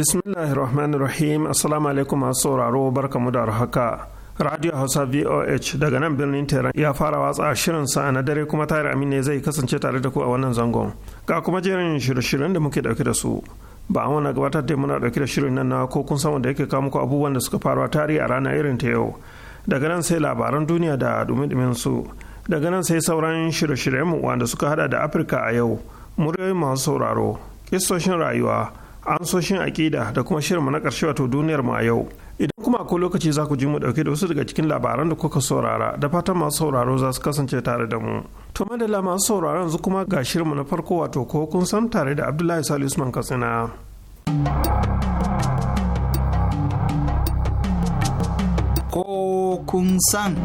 bismillahir rahmanir rahim assalamu alaikum masu sauraro barka mu da haka radio hausa voh daga nan birnin tehran ya fara watsa shirin sa na dare kuma tare ne zai kasance tare da ku a wannan zangon ga kuma jerin shirye-shiryen da muke dauke da su ba an wani gabatar da muna dauke da shirin nan na ko kun san wanda yake kawo muku abubuwan da suka faru a tarihi a rana irin ta yau daga nan sai labaran duniya da dumi-dumin su daga nan sai sauran shirye-shiryen mu wanda suka hada da afirka a yau muryoyin masu sauraro kistoshin rayuwa ansoshin aƙida da kuma shirinmu na ƙarshe wato duniyar mu a yau idan kuma akwai lokaci za ku ji mu ɗauke da wasu daga cikin labaran da kuka saurara da fatan masu sauraro za su kasance tare da mu to madalla masu sauraro yanzu kuma ga shirinmu na farko wato ko kun san tare da abdullahi sali usman katsina ko kun san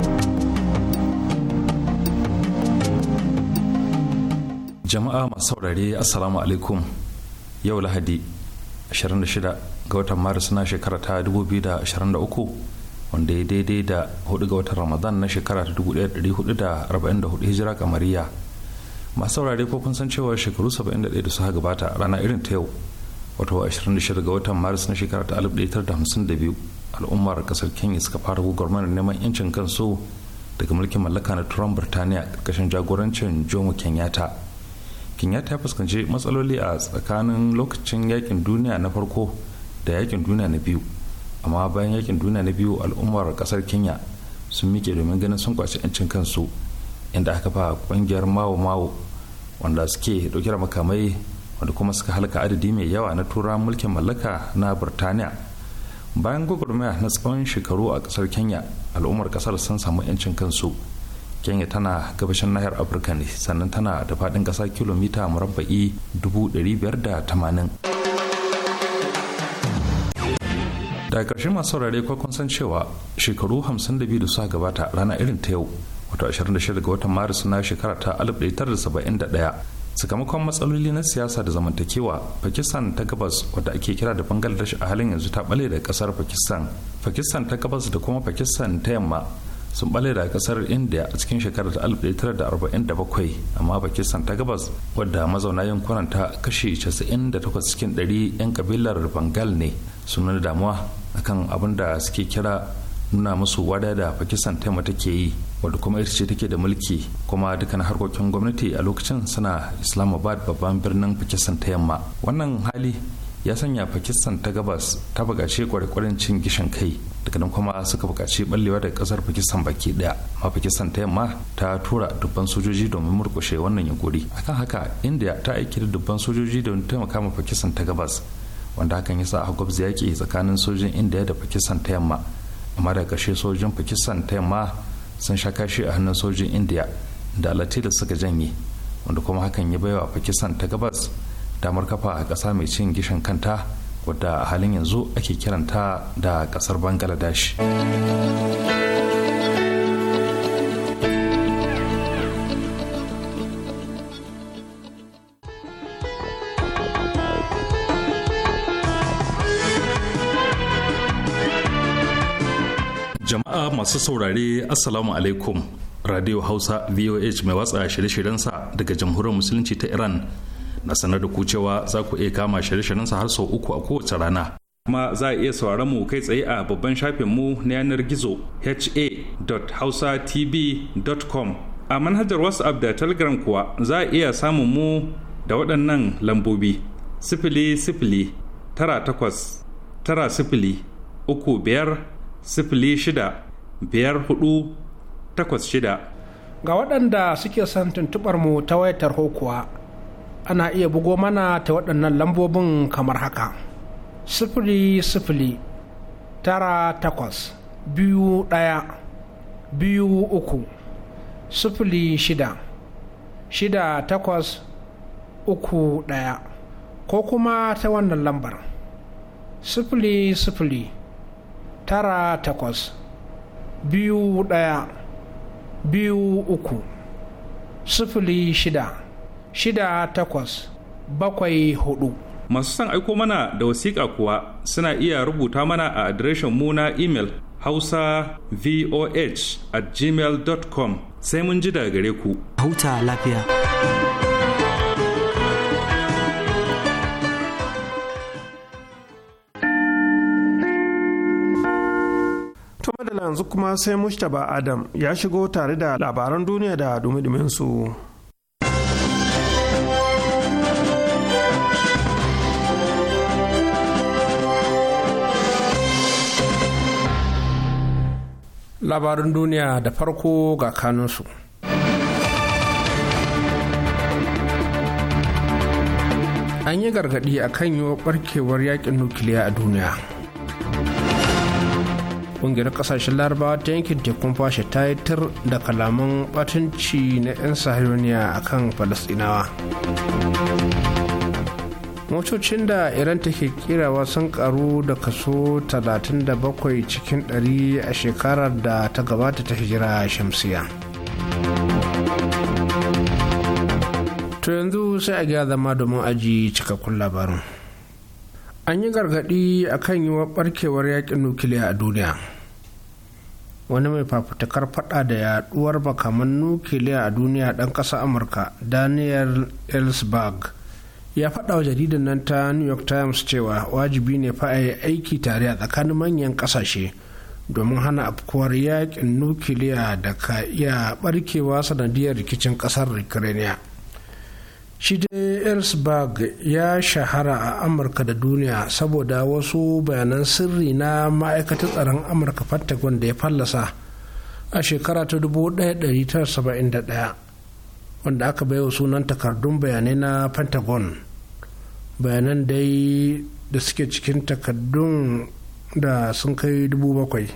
jama'a masu saurare assalamu alaikum yau lahadi 26 ga watan maris na shekara ta 2023 wanda ya daidai da 4 ga watan ramadan na shekara ta 1444 hijira kamariya masu saurare ko kun san cewa shekaru 71 da suka gabata rana irin ta yau wato 26 ga watan maris na shekara ta 1952 al'ummar kasar kenya suka fara gwagwarmar neman yancin kansu daga mulkin mallaka na turan birtaniya karkashin jagorancin jomo kenyatta ya ta fuskanci matsaloli a tsakanin lokacin yakin duniya na farko da yakin duniya na biyu amma bayan yakin duniya na biyu al'ummar kasar kenya sun mike domin ganin sun kwaci 'yancin kansu inda aka fa kungiyar mawo mawo wanda suke dauke da makamai wanda kuma suka halka adadi mai yawa na tura mulkin mallaka na birtaniya bayan gwagwarmaya na tsawon shekaru a kasar kenya al'ummar kasar sun samu 'yancin kansu kenya tana gabashin nahiyar afirka ne sannan tana da faɗin ƙasa kilomita murabba'i 580 daga ƙarshe masu saurare kwakwan san cewa shekaru 52 da suka gabata rana irin ta yau wato 26 ga watan maris na shekara ta 1971 sakamakon matsaloli na siyasa da zamantakewa pakistan ta gabas wadda ake kira da bangladesh a halin yanzu ta bale da kasar pakistan pakistan ta gabas da kuma pakistan ta yamma sun bale da kasar india a cikin shekarar 1947 amma pakistan ta gabas wadda mazauna yankunan ta kashe 98 cikin 100 'yan kabilar bengal ne sun nuna damuwa akan abin da suke kira nuna musu wada da pakistan taima take yi wadda kuma ita ce take da mulki kuma dukkan harkokin gwamnati a lokacin suna islamabad babban birnin pakistan ta yamma wannan hali ya sanya pakistan ta gabas ta bukaci kwarekwaren cin gishin kai daga nan kuma suka bukaci ballewa daga kasar pakistan baki daya amma pakistan ta yamma ta tura dubban sojoji domin murkushe wannan yunkuri akan haka india ta aiki da dubban sojoji don taimaka ma pakistan ta gabas wanda hakan ya sa aka gwabza tsakanin sojin india da pakistan ta yamma amma da ƙarshe sojin pakistan ta yamma sun sha kashi a hannun sojin india da alati da suka janye wanda kuma hakan ya baiwa pakistan ta gabas damar kafa a ƙasa mai cin gishan kanta wadda a halin yanzu ake kiranta da ƙasar bangaladesh jama'a masu saurare assalamu alaikum radio hausa voh mai watsa shirye-shiryensa daga jamhuriyar musulunci ta iran na sanar da ku cewa za ku iya kama shirye-shiryen sa har sau uku a kowace rana kuma za a iya sauraron mu kai tsaye a babban shafin mu na yanar gizo ha.hausa.tv.com a manhajar whatsapp da telegram kuwa za a iya samun mu da waɗannan lambobi sifili sifili tara takwas tara sifili uku biyar sifili shida biyar hudu takwas shida ga waɗanda suke son tuntuɓar mu ta wayar tarho kuwa ana iya bugo mana ta waɗannan lambobin kamar haka sifili sifili tara takwas biyu ɗaya biyu uku sifili shida shida takwas uku ɗaya ko kuma ta wannan lambar sifili sifili tara takwas biyu ɗaya biyu uku sifili shida shida takwas bakwai hudu. Masu son aiko mana da wasiƙa kuwa suna iya rubuta mana a adireshin mu na imel hausa voh at gmail.com sai mun ji daga gare ku. Hauta lafiya. Tuma madala yanzu kuma sai Mustapha Adam ya shigo tare da labaran duniya da dumi su. labarin duniya da farko ga kanunsu. an yi gargaɗi a kan yiwa barkewar yakin nukiliya a duniya ƙungiyar ƙasashen larabawa ta yankin tekun fashe ta yi tur da kalaman ɓatanci na 'yan sahiyoniya a kan falasɗinawa motocin da iran take kirawa sun karu da kaso 37 cikin 100 a shekarar da ta gabata ta hijira shamsiya to yanzu sai a gya zama domin aji cikakkun labarin an yi gargadi a kan yi barkewar yakin nukiliya a duniya wani mai fafutukar fada da yaduwar makaman nukiliya a duniya dan kasa amurka daniel ellsberg ya faɗa wa jaridar nan ta new york times cewa wajibi ne fa a yi aiki tare a tsakanin manyan ƙasashe domin hana afkuwar yakin nukiliya da ka iya barkewa sanadiyar rikicin ƙasar ukraine shi dai ellsberg ya shahara a amurka da duniya saboda wasu bayanan sirri na ma'aikatar tsaron amurka pentagon da ya fallasa a shekara ta 1971 wanda aka baiwa sunan takardun bayanai na pentagon bayanan dai da suke cikin takaddun da sun kai dubu bakwai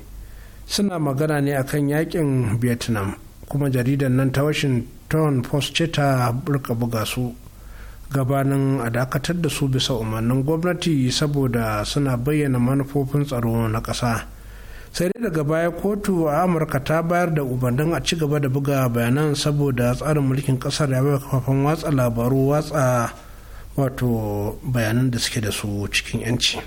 suna magana ne akan yakin vietnam kuma jaridan nan ta washington post ce ta burka buga su gabanin a dakatar da su bisa umarnin gwamnati saboda suna bayyana manufofin tsaro na ƙasa sai dai daga baya kotu a amurka ta bayar da umarnin a ci gaba da buga bayanan saboda tsarin mulkin ƙasar ya bai kafafen watsa labaru watsa wato bayanan da suke da su cikin 'yanci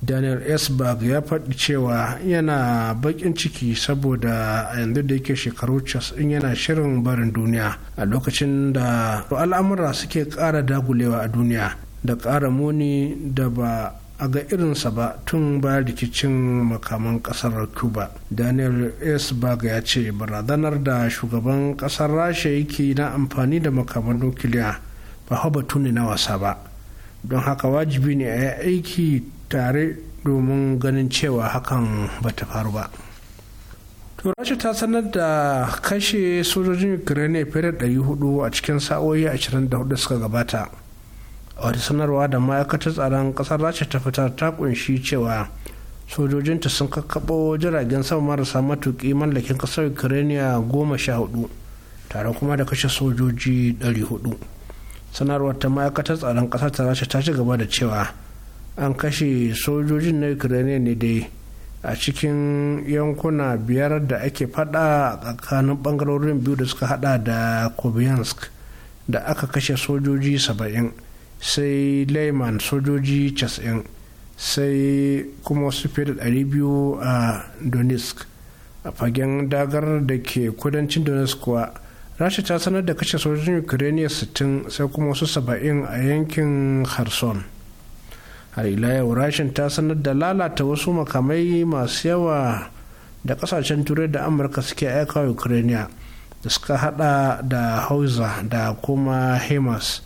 daniel esberg ya faɗi cewa yana baƙin ciki saboda a yanzu da yake shekaru 90 yana shirin barin duniya a lokacin da al'amura suke ƙara dagulewa a duniya da ƙara muni da ba a ga irinsa ba tun ba rikicin makaman kasar cuba daniel esberg ya ce barazanar da shugaban kasar rasha yake na amfani da makaman nukiliya ba batu ne na wasa ba don haka wajibi ne a yi aiki tare domin ganin cewa hakan ba ta faru ba turashi ta sanar da kashe sojojin ukraine fere da 400 a cikin sa'o'i 24 suka gabata a wata sanarwa da ma'aikatar tsaron kasar rasha ta fita ta kunshi cewa sojojinta sun kakkaɓo jiragen sama marasa matuƙi mallakin ƙasar ukraine goma sha hudu tare kuma da kashe sojoji 400 sanarwar ta ma'aikatar tsaron ƙasar ta rasha ta ci gaba da cewa an kashe sojojin na ukraine ne dai a cikin yankuna biyar da ake fada tsakanin bangarorin biyu da suka hada da kobiansk da aka kashe sojoji saba'in sai laiman sojoji 90 sai kuma wasu fiye da biyu a donetsk a fagen dagar da ke kudancin donetsk kuwa rasha ta sanar da kashe sojojin ukraine sittin sai kuma wasu 70 a yankin kherson har ila yau rashin ta sanar da lalata wasu makamai masu yawa da kasashen turai da amurka suke aika ukraine da suka hada da hausa da kuma hemas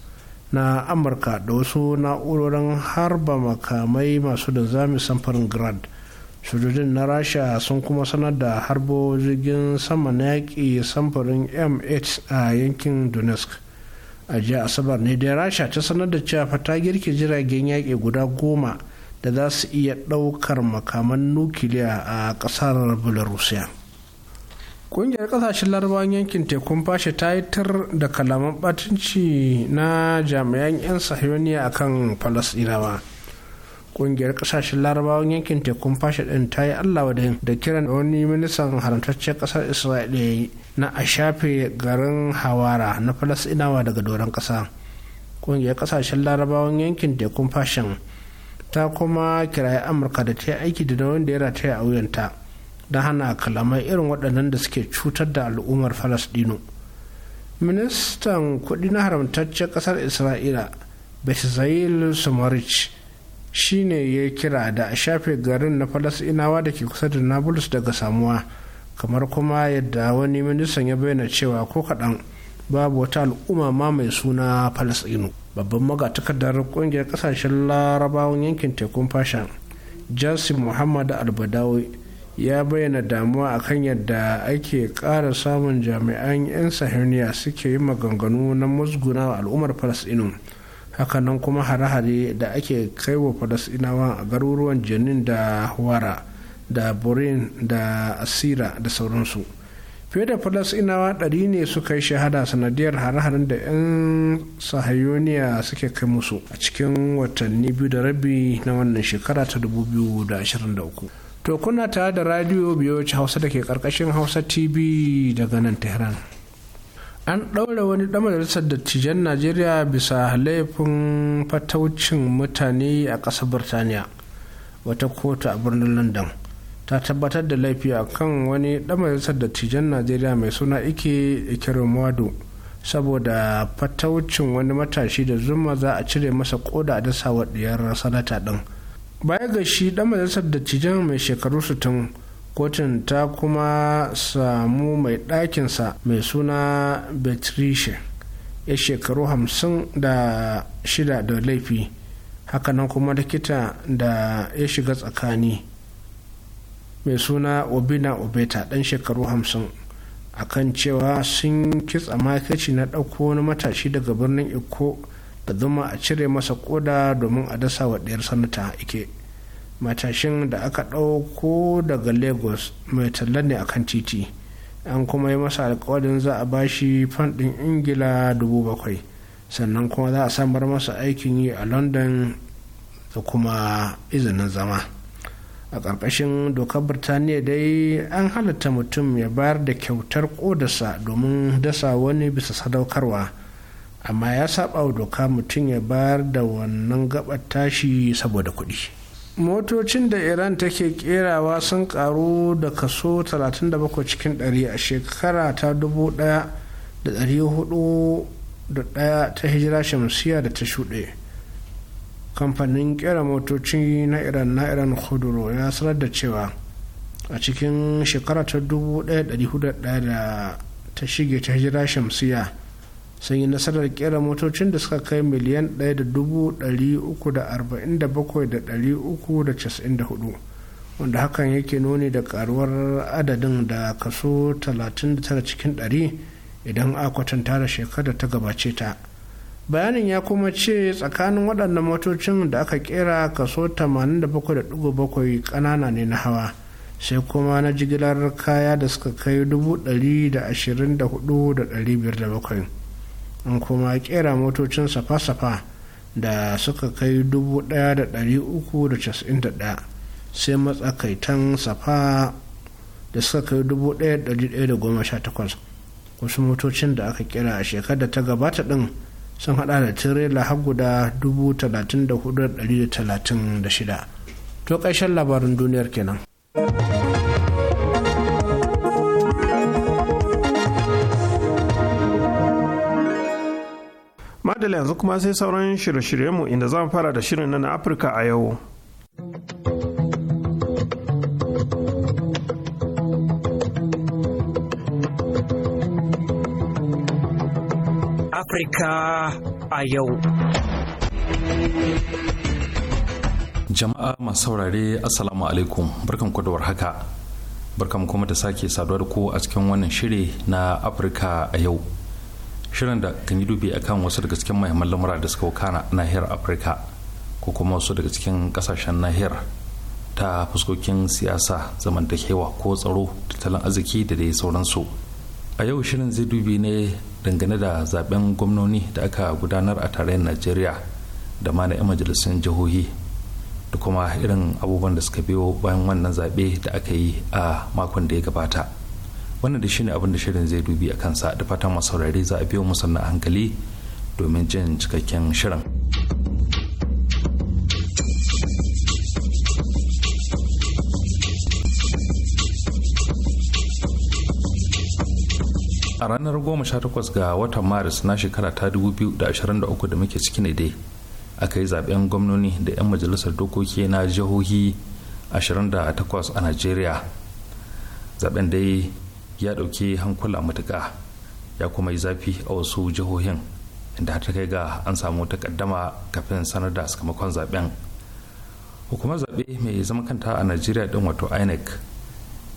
na amurka da wasu na'urorin harba makamai masu da zami samfarin grad sojojin na rasha sun kuma sanar da harbo jirgin sama na yaƙi samfurin m8 a yankin donetsk a jiya asabar ne da rasha ta sanar da cewa ta girke jiragen yaƙi guda goma da za su iya ɗaukar makaman nukiliya a ƙasar belarusiya ƙungiyar ƙasashen larabawan yankin tekun fashe ta yi tar da kalaman ɓatunci na jami'an 'yan sahiyoniya akan falasɗinawa kungiyar kasashen larabawan yankin tekun fashe din ta yi allah wadahin da kiran wani ministan haramtaccen kasar isra'ila ya yi na a shafe garin hawara na falasinawa daga doron kasa kungiyar kasashen larabawan yankin tekun fashin ta kuma kiraye amurka da ta yi aiki da wanda ya rataya a wuyanta don hana kalamai irin waɗannan da suke cutar da al'ummar falasdino ministan kuɗi na haramtaccen ƙasar isra'ila bezalel sumarich shine ya kira da a shafe garin na falasinawa da ke kusa da nablus daga samuwa kamar kuma yadda wani ministan ya bayyana cewa ko kaɗan babu wata al'umma ma mai suna falasinu babban magatakardar ƙungiyar ƙasashen larabawan yankin tekun fasha jasi muhammad albadawi ya bayyana damuwa a kan yadda ake ƙara samun jami'an 'yan sahiniya suke yi maganganu na musguna al'ummar falasinu hakanan kuma hare-hare da ake kaiwa falasinawa a garuruwan jinin da wara da burin da asira da sauransu fiye da falasinawa ɗari ne suka yi shahada sanadiyar hare-haren da 'yan sahayoniya suke kai musu a cikin watanni biyu da rabi na wannan shekara ta 2023 to kuna tare da radio biyo hausa da ke karkashin hausa tv daga nan tehran an ɗaure wani ɗan majalisar dattijan najeriya bisa laifin fataucin mutane a ƙasar birtaniya wata kotu a birnin london ta tabbatar da laifi a kan wani ɗan majalisar dattijan najeriya mai suna ike ikirimwado saboda fataucin wani matashi da zuma za a cire masa koda a dasa wa sanata ɗin baya ga shi ɗan majalisar dattijan mai shekaru sittin kotun ta kuma samu mai ɗakinsa mai suna betrishe ya shekaru hamsin da shida da laifi hakanan kuma likita da ya shiga tsakani mai suna obina obeta ɗan shekaru hamsin a kan cewa sun kitsa makaci na ɗauko wani matashi daga birnin iko da zuma a cire masa koda domin a dasa wa ɗayar sanata ike matashin da aka ɗauko daga lagos mai talla ne akan titi an kuma yi masa alkawarin za a bashi fandin ingila dubu sannan kuma za a samar masa aikin yi a london da kuma izinin zama a ƙarƙashin dokar birtaniya dai an halatta mutum ya bayar da kyautar ƙodarsa domin dasa wani bisa sadaukarwa amma ya saba wa doka mutum ya bayar da wannan gabar tashi saboda kuɗi. motocin da iran take kerawa sun karu da kaso 37 cikin 100 a shekara ta 1401 ta hijira shamsiya da ta shuɗe kamfanin kera motoci na iran na iran kuduro ya sanar da cewa a cikin shekara ta 1401 ta shige ta hijira shamsiya sun yi nasarar kera motocin da suka kai miliyan 1,347,394 wanda hakan yake nuni da karuwar adadin da kaso 39 cikin 100 idan kwatanta da shekarar ta gabace ta bayanin ya kuma ce tsakanin waɗannan motocin da aka kera kaso 87.7 ƙanana ne na hawa sai kuma na jigilar kaya da suka kai 124,507 an kuma kera motocin safa-safa da suka kai 1,391 sai matsakaitan safa da suka kai 1,118 wasu motocin da aka kera a shekarar da ta gabata din sun hada da tirela har guda 34,136 to ƙarshen labarin duniyar kenan. adala yanzu kuma sai sauran shirye-shiryenmu inda zan fara da shirin na Afirka a yau. Afirka a yau. Jama'a masu saurare Assalamu alaikum barkan da haka, Barkan kuma da sake saduwa da ku a cikin wannan shiri na Afirka a yau. shirin da kan yi dubi akan wasu daga cikin mahimman lamura da suka wakana nahiyar afirka ko kuma wasu daga cikin kasashen nahiyar ta fuskokin siyasa zamantakewa ko tsaro tattalin arziki da dai sauransu a yau shirin zai dubi ne dangane da zaben gwamnoni da aka gudanar a tarayyar najeriya da ma na 'yan majalisun jihohi da kuma irin abubuwan da suka biyo bayan wannan zaɓe da aka yi a makon da ya gabata wannan da shine abin da shirin zai dubi a kansa da fatan masu saurare za a biyo mu sannan hankali domin jin cikakken shirin a ranar 18 ga watan maris na shekara ta 2023 da muke ciki ne dai aka yi zaben gwamnoni da 'yan majalisar dokoki na jihohi 28 a najeriya zaben dai ya ɗauki hankula matuka ya kuma yi zafi a wasu jihohin inda ta kai ga an samu takaddama kafin sanar da sakamakon zaben hukumar zaɓe mai zama kanta a najeriya ɗin wato inec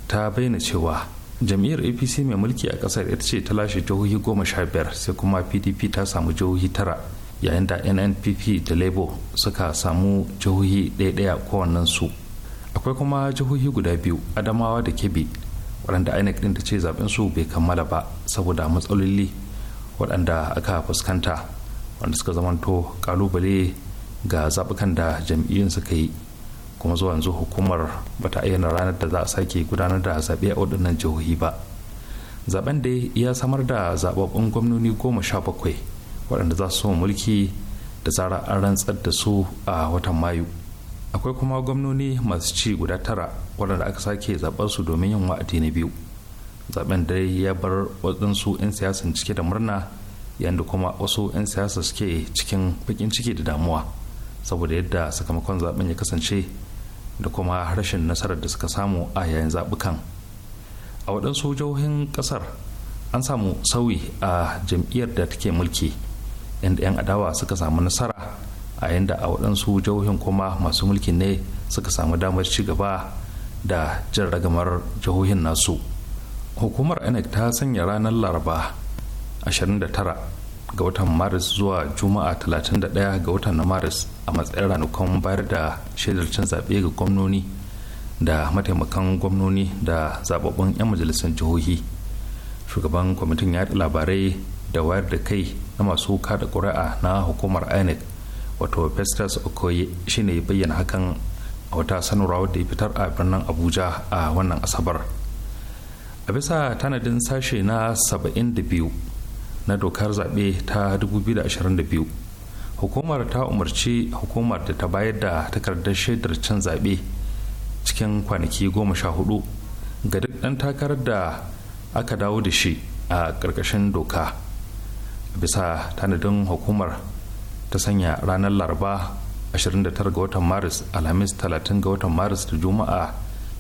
ta bayyana cewa jam'iyyar apc mai mulki a ƙasar ita ce ta lashe jihohi goma sha biyar sai kuma pdp ta samu jihohi tara yayin da nnpp da labour suka samu jihohi ɗaya-ɗaya kowannensu akwai kuma jihohi guda biyu adamawa da kebe waɗanda inec ɗin ta ce zaben su bai kammala ba saboda matsaloli waɗanda aka fuskanta wanda suka zamanto ƙalubale ga zaɓukan da jam'iyyun suka yi kuma zuwa yanzu hukumar bata ayyana ranar da za a sake gudanar da zaɓe a waɗannan jihohi ba zaɓen da ya samar da zababbun gwamnoni goma sha bakwai waɗanda za su mulki da zara an rantsar da su a watan mayu akwai kuma gwamnoni masu ci guda tara wadanda aka sake zaɓar su domin yin wa'adi na biyu zaɓen dai ya bar waɗansu 'yan siyasan cike da murna yadda kuma wasu 'yan siyasa suke cikin bakin ciki da damuwa saboda yadda sakamakon zaɓen ya kasance da kuma rashin nasarar da suka samu a yayin zaɓukan a waɗansu jihohin ƙasar an samu sauyi a jam'iyyar da take mulki inda 'yan adawa suka samu nasara a yadda a waɗansu jihohin kuma masu mulki ne suka samu damar ci gaba da jin ragamar jihohin nasu hukumar inec ta sanya ranar laraba 29 ga watan maris zuwa juma'a 31 ga watan na maris a matsayin ranakun bayar da shaidar cin zaɓe ga gwamnoni da mataimakan gwamnoni da zababbun 'yan majalisar jihohi shugaban kwamitin yaɗa labarai da wayar da kai na masu kada ƙuri'a na hukumar inec wato festus okoye shine bayyana hakan a wata sanarwa wadda ya fitar a birnin abuja a wannan asabar a bisa tanadin sashe na 72 na dokar zaɓe ta 2022 hukumar ta umarci hukumar da ta bayar da takardar shaidar cin zaɓe cikin kwanaki goma sha hudu ga duk ɗan takarar da aka dawo da shi a ƙarƙashin doka bisa tanadin hukumar ta sanya ranar laraba 29 ga watan maris alhamis 30 ga watan maris da juma'a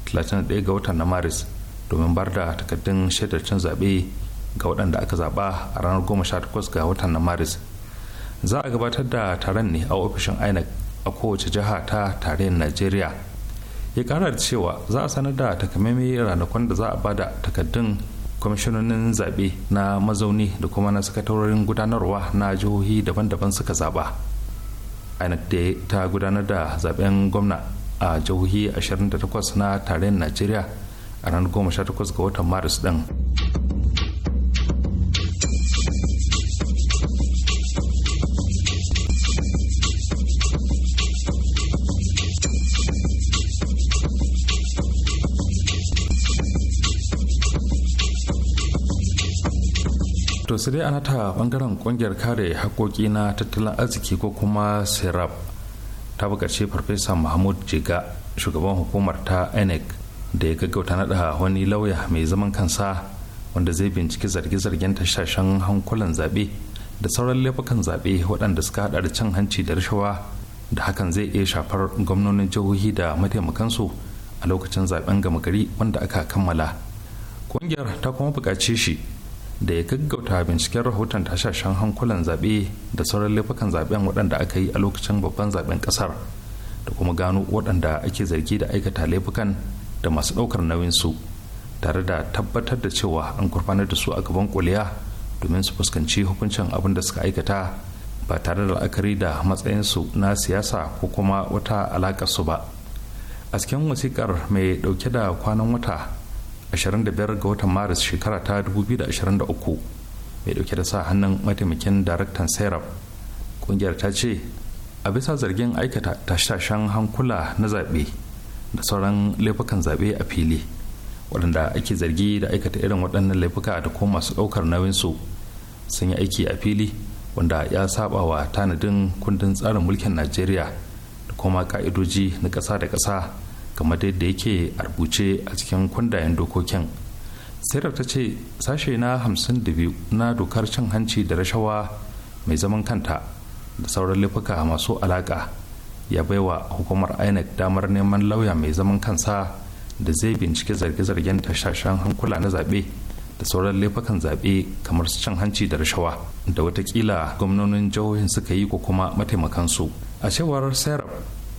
31 ga watan na maris domin bar da takaddun shaidar cin zaɓe ga waɗanda aka zaɓa a ranar 18 ga watan na maris za a gabatar da taron ne a ofishin inec a kowace jiha ta tarayyar najeriya ya kara da cewa za a sanar da takamaimai ranakun da za a bada takaddun kwamishinonin zaɓe na mazauni da kuma na sakatarorin gudanarwa na jihohi daban-daban suka zaɓa. inec ta gudanar da zaben gwamna a jihohi 28 na tarayyar najeriya a ranar 18 ga watan maris din to sai dai ana ta bangaren kungiyar kare haƙoƙi na tattalin arziki ko kuma sirab ta bukaci farfesa mahmud jiga shugaban hukumar ta enec da ya gaggauta naɗa wani lauya mai zaman kansa wanda zai binciki zarge-zargen tashashen hankulan zaɓe da sauran laifukan zaɓe waɗanda suka haɗa da cin hanci da rashawa da hakan zai iya shafar gwamnonin jihohi da mataimakansu a lokacin zaɓen gama gari wanda aka kammala ƙungiyar ta kuma buƙace shi da ya gaggauta binciken rahoton tashashen hankulan zaɓe da sauran laifukan zaɓen waɗanda aka yi a lokacin babban zaɓen ƙasar da kuma gano waɗanda ake zargi da aikata laifukan da masu ɗaukar nauyinsu tare da tabbatar da cewa an gurfanar da su a gaban kuliya domin su fuskanci hukuncin abin da suka aikata ba tare da la'akari da matsayinsu na siyasa ko kuma wata alaƙarsu ba a cikin wasiƙar mai ɗauke da kwanan wata 25 ga watan maris shekara ta 2023 mai dauke da sa hannun mataimakin daraktan serap kungiyar ta ce a bisa zargin aikata tashashen hankula na zaɓe da sauran laifukan zaɓe a fili waɗanda ake zargi da aikata irin waɗannan laifuka da kuma masu ɗaukar nauyinsu sun yi aiki a fili wanda ya saba wa tanadin kundin tsarin mulkin najeriya da kuma ka'idoji na ƙasa da ƙasa kamar da yake a rubuce a cikin kundayen dokokin sirar ta ce sashe na hamsin da biyu na dokar cin hanci da rashawa mai zaman kanta da sauran laifuka masu alaƙa. ya baiwa hukumar inec damar neman lauya mai zaman kansa da zai bincike zarge-zargen tashashen hankula na zaɓe da sauran laifukan zaɓe kamar su cin hanci da rashawa da watakila gwamnonin jihohin suka yi ko kuma mataimakansu a cewar sarah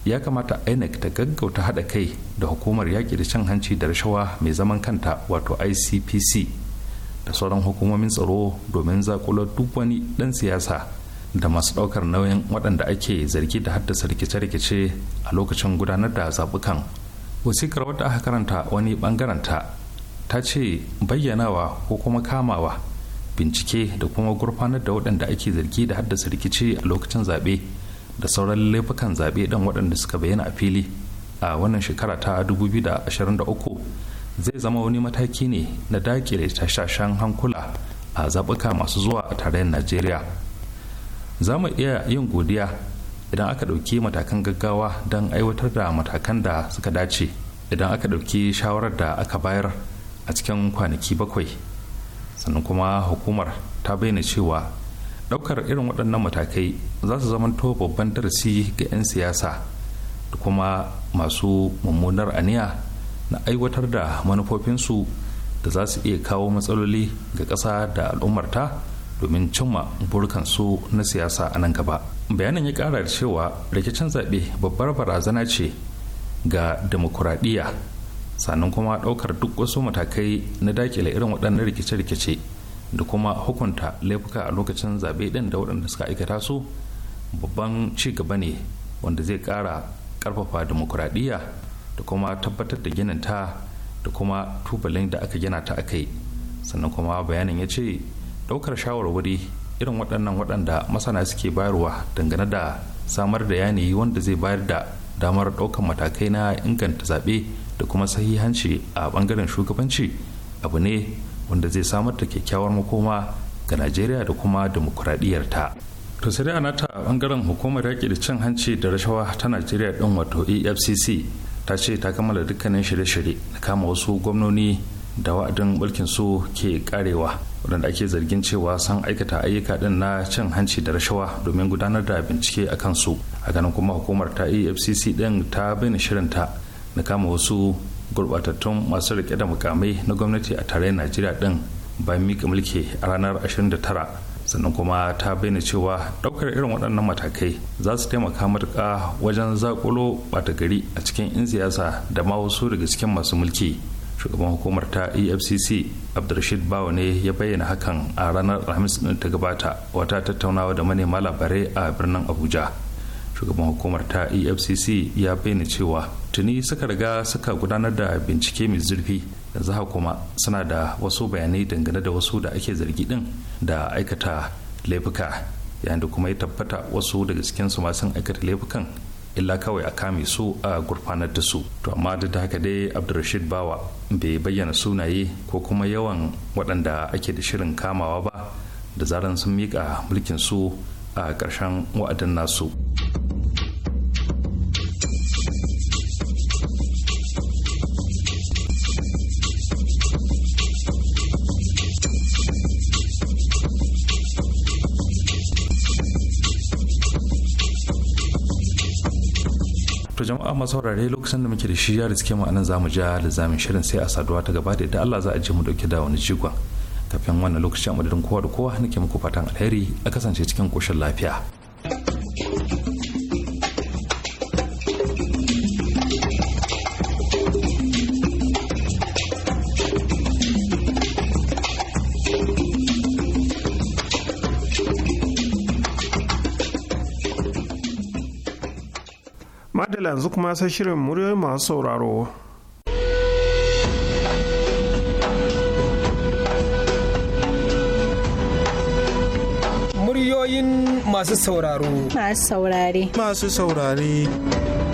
ya kamata inec ta gaggauta haɗa kai da hukumar yaƙi da cin hanci da rashawa mai zaman kanta wato icpc da sauran hukumomin tsaro domin zakulo duk wani ɗan siyasa da masu ɗaukar nauyin waɗanda ake zargi da haddasa rikice-rikice a lokacin gudanar da zaɓukan wasikar wata aka karanta wani ɓangarenta ta ce bayyanawa ko kuma kamawa bincike da kuma gurfanar da waɗanda ake zargi da haddasa rikici a lokacin zaɓe da sauran laifukan zaɓe ɗan waɗanda suka bayyana a fili a wannan shekara ta 2023 zai zama wani mataki ne na dakile tashashen hankula a zaɓuka masu zuwa a tarayyar najeriya za mu iya yin godiya idan aka ɗauki matakan gaggawa don aiwatar da matakan da suka dace idan aka ɗauki shawarar da aka bayar a cikin kwanaki bakwai sannan kuma hukumar ta bayyana cewa daukar irin waɗannan matakai za su zama to babban darasi ga 'yan siyasa da kuma masu mummunar aniya na aiwatar da manufofinsu da za su iya kawo matsaloli ga ƙasa da al'ummarta domin cimma burkansu na siyasa a nan gaba bayanin ya ƙara da cewa rikicin zaɓe babbar barazana ce ga demokuraɗiyya sannan kuma ɗaukar duk wasu matakai na dakile irin waɗannan rikice-rikice da kuma hukunta laifuka a lokacin zaɓe ɗin da waɗanda suka aikata su babban ci gaba ne wanda zai ƙara ƙarfafa demokuraɗiyya da kuma tabbatar da ginin ta da kuma tubalin da aka gina ta a kai sannan kuma bayanin ya ce ɗaukar shawarwari irin waɗannan waɗanda masana suke bayarwa dangane da samar da yanayi wanda zai bayar da damar ɗaukar matakai na inganta zaɓe da kuma sahihanci a ɓangaren shugabanci abu ne wanda zai samar da kyakkyawar makoma ga najeriya da kuma ta to sai dai anata a bangaren hukumar yaƙi da cin hanci da rashawa ta najeriya ɗin wato efcc ta ce ta kammala dukkanin shirye-shirye da kama wasu gwamnoni da wa'adin mulkin su ke karewa waɗanda ake zargin cewa san aikata ayyuka ɗin na cin hanci da rashawa domin gudanar da bincike a kansu a ganin kuma hukumar ta efcc ɗin ta bayyana shirinta na kama wasu gurbatattun masu rike da mukamai na gwamnati a tarayyar najeriya din bayan mika mulki a ranar 29 sannan kuma ta bayyana cewa daukar irin waɗannan matakai za su taimaka matuka wajen zakulo bata gari a cikin 'yan siyasa da ma wasu daga cikin masu mulki shugaban hukumar ta efcc abdulrashid bawa ne ya bayyana hakan a ranar alhamis din ta gabata wata tattaunawa da manema labarai a birnin abuja shugaban hukumar ta efcc ya bayyana cewa tuni suka riga suka gudanar da bincike mai zurfi yanzu haka kuma suna da wasu bayanai dangane da wasu da ake zargi din da aikata laifuka yayin da kuma ya tabbata wasu daga cikinsu ma sun aikata laifukan illa kawai a kame su a gurfanar da su to amma duk da haka dai abdulrashid bawa bai bayyana sunaye ko kuma yawan waɗanda ake da shirin kamawa ba da zaran sun miƙa mulkin su a ƙarshen wa'adin nasu. to jama'a masu saurare lokacin da muke da shi ya riske mu anan zamu ja lizamin shirin sai a saduwa ta gaba da Allah za a ji mu dauke da wani jigon kafin wannan lokacin a madadin kowa da kowa nake muku fatan alheri a kasance cikin koshin lafiya madalla yanzu kuma sai shirin muryoyin masu sauraro. Muryoyin masu sauraro. Masu saurare. Masu saurare.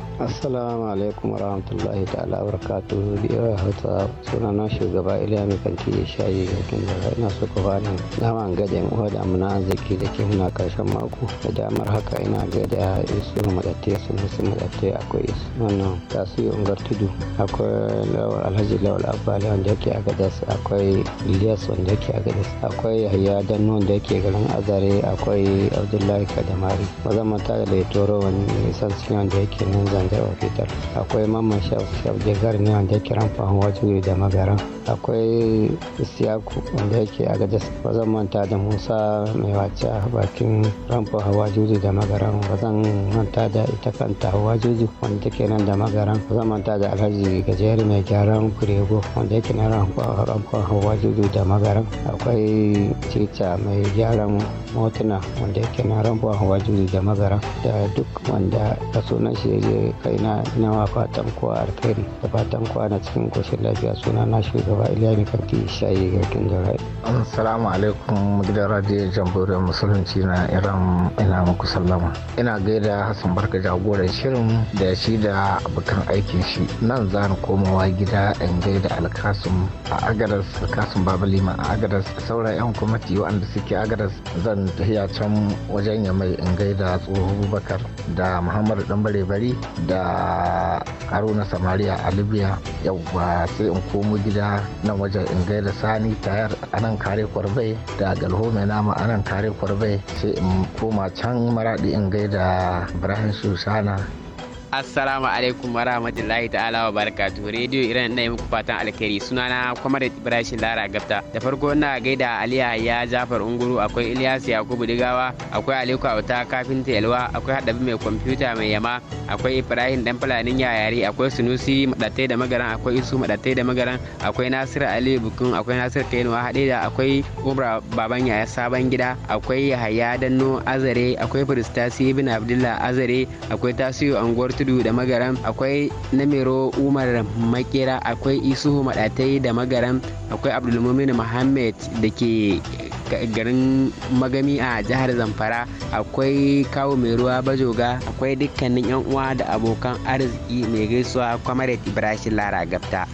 assalamu alaikum warahmatullahi ta'ala barakatu biyar hausa suna na shugaba iliya mai kanki ya shayi yakin da ina so ku bani dama an gaida uwa da amina arziki da ke muna karshen mako da damar haka ina gaida isu madatte su musu madatte akwai isu wannan tasiri ungar tudu akwai lawal alhaji lawal abbali wanda yake a gadas akwai ilyas wanda yake a gadas akwai yahya danno wanda yake garin azare akwai abdullahi kadamari ba zan manta da laitoro wani nisan wanda yake nan zan da ofitar akwai mamman shaf shaf jigar ne wanda yake ramfan wajen da magaran akwai siyaku wanda yake a gajas ba manta da musa mai wace a bakin ramfan hawa juju da magaran ba manta da ita kanta hawa juju wanda take nan da magaran ba manta da alhaji gajeri mai gyaran kurego wanda yake na ramfan hawa juju da magaran akwai cica mai gyaran motuna wanda yake na ramfan hawa juju da magaran da duk wanda da sunan shi ya je kaina ina ma fatan kowa alkhairi da fatan kowa na cikin koshin lafiya suna na shugaba iliya mai kanti shayi garkin jarai assalamu alaikum gidan radiyo jamhuriyar musulunci na iran ina muku sallama ina gaida hassan barka jagoran shirin da shi da abokan aikin shi nan za ni komawa gida in gaida alkasum a agadas alkasum babaliman a agadas sauran yan kwamiti waɗanda suke agadas zan tafiya can wajen ya mai in gaida tsohon bakar da muhammadu dan bare bari da haruna samariya a libya yauwa sai in komo gida nan wajen in gaida sani tayar a nan kare kwarbai da galho mai nama a nan kare kwarbai sai in koma can maradi in gaida ibrahim susana Assalamu alaikum warahmatullahi ta'ala wa barakatuh. Radio Iran na muku fatan alkhairi. Sunana Kwamar Ibrahim Lara Gafta. Da farko na gaida Aliya ya Jafar Unguru, akwai Ilyas Yakubu Digawa, akwai Aliko Auta Kafinta Yalwa, akwai Hadabi mai kwamfuta mai yama, akwai Ibrahim Dan Fulanin Yayari, akwai Sunusi Madatai da Magaran, akwai Isu Madatai da Magaran, akwai Nasir Ali Bukun, akwai Kainu Kainuwa da akwai Umra Baban Yaya Sabon Gida, akwai Yahaya Danno Azare, akwai Firistasi Ibn Abdullah Azare, akwai Tasiyu Angwar tudu da magaram akwai namiro umar makera akwai isuhu madatai da magaram akwai abdulmumin muhammad da ke garin magami a jihar zamfara akwai kawo mai ruwa bajoga akwai dukkanin yan uwa da abokan arziki mai gaisuwa kwamaret ibrahim lara gabta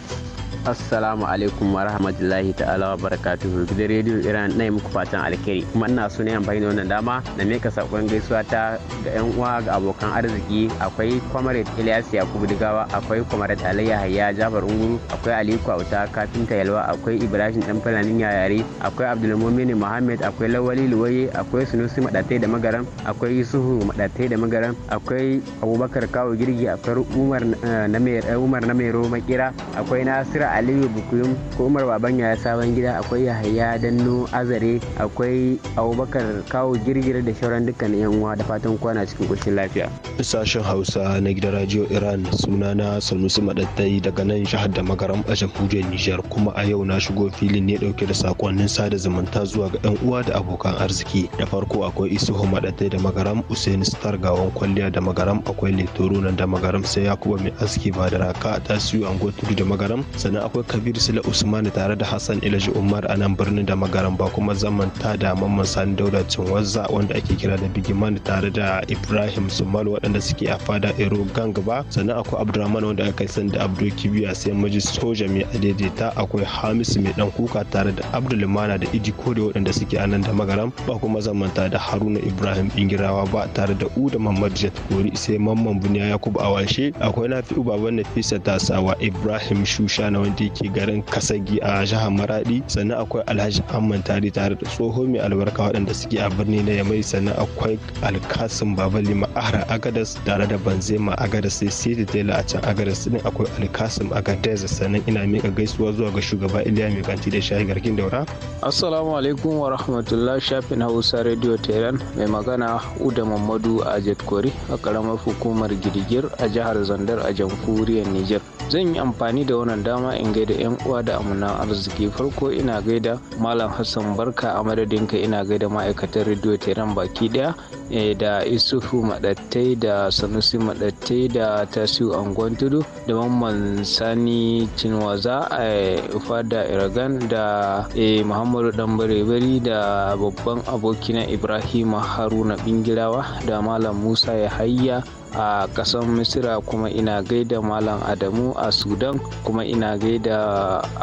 assalamu alaikum wa rahmatullahi ta'ala wa barakatuhu gidan rediyo iran na muku fatan alkhairi kuma ina so ne amfani da wannan dama na ka sakon gaisuwa ta ga yan uwa ga abokan arziki akwai comrade ilyas yakubu digawa akwai comrade alayya hayya jafar unguru akwai ali kwauta kafinta yalwa akwai ibrahim dan fulanin yayari akwai abdulmumini muhammad akwai lawali luwaye akwai sunusi madatai da magaram akwai yusufu madatai da magaram akwai abubakar kawo girgi akwai umar eh, na makira akwai nasira aliyu bukuyum ko umar baban ya sabon gida akwai yahaya danno azare akwai abubakar kawo girgire da shauran dukkan yan uwa da fatan kwana cikin koshin lafiya sashen hausa na gidan radio iran sunana sanusi madattai daga nan jihar da magaram a jamhuriyar nijar kuma a yau na shigo filin ne dauke da sakonnin sada zumunta zuwa ga yan uwa da abokan arziki da farko akwai isuhu madattai da magaram usaini star gawan kwalliya da magaram akwai letoro nan da magaram sai yakuba mai aski ba da raka a tasiri an gotu da magaram sannan akwai kabir sula usmani tare da hassan ilaji umar a nan birnin da magaran ba kuma zamanta da mamman sani daura wazza wanda ake kira da bigiman tare da ibrahim sumal waɗanda suke a fada ero gang ba sannan akwai abdurrahman wanda aka kai da abdul kibiya sai maji soja mai adaidaita akwai hamis mai dan kuka tare da abdul da idi kore waɗanda suke a nan da magaran ba kuma zamanta da haruna ibrahim ingirawa ba tare da uda mamman jet kori sai mamman buniya yakubu awashe akwai nafi'u baban nafisa tasawa ibrahim shusha na wanda yake garin kasagi a jihar maradi sannan akwai alhaji amman tare tare da tsoho mai albarka waɗanda suke a birni na yamai sannan akwai alkasin babali ma'ahra agadas tare da banzema agadas sai sai tela a can agadas din akwai alkasim agadas sannan ina miƙa gaisuwa zuwa ga shugaba iliya mai kanti da shayi garkin daura assalamu alaikum wa rahmatullah shafin hausa radio tehran mai magana uda mamadu a jetkori a karamar hukumar girgir a jihar zandar a jamhuriyar niger zan yi amfani da wannan dama in gaida yan uwa da amuna arziki farko ina gaida malam hassan barka a madadinka ina gaida ma'aikatan rediyo teran baki daya eh, da isufu madattai da sanusi madattai da tasiu angon tudu da mamman sani cinwaza a eh, fada iragan da eh, muhammadu dan barebari da babban abokina ibrahim haruna bingirawa da malam musa ya hayya a ƙasar misira kuma ina gaida malam adamu a sudan kuma ina gaida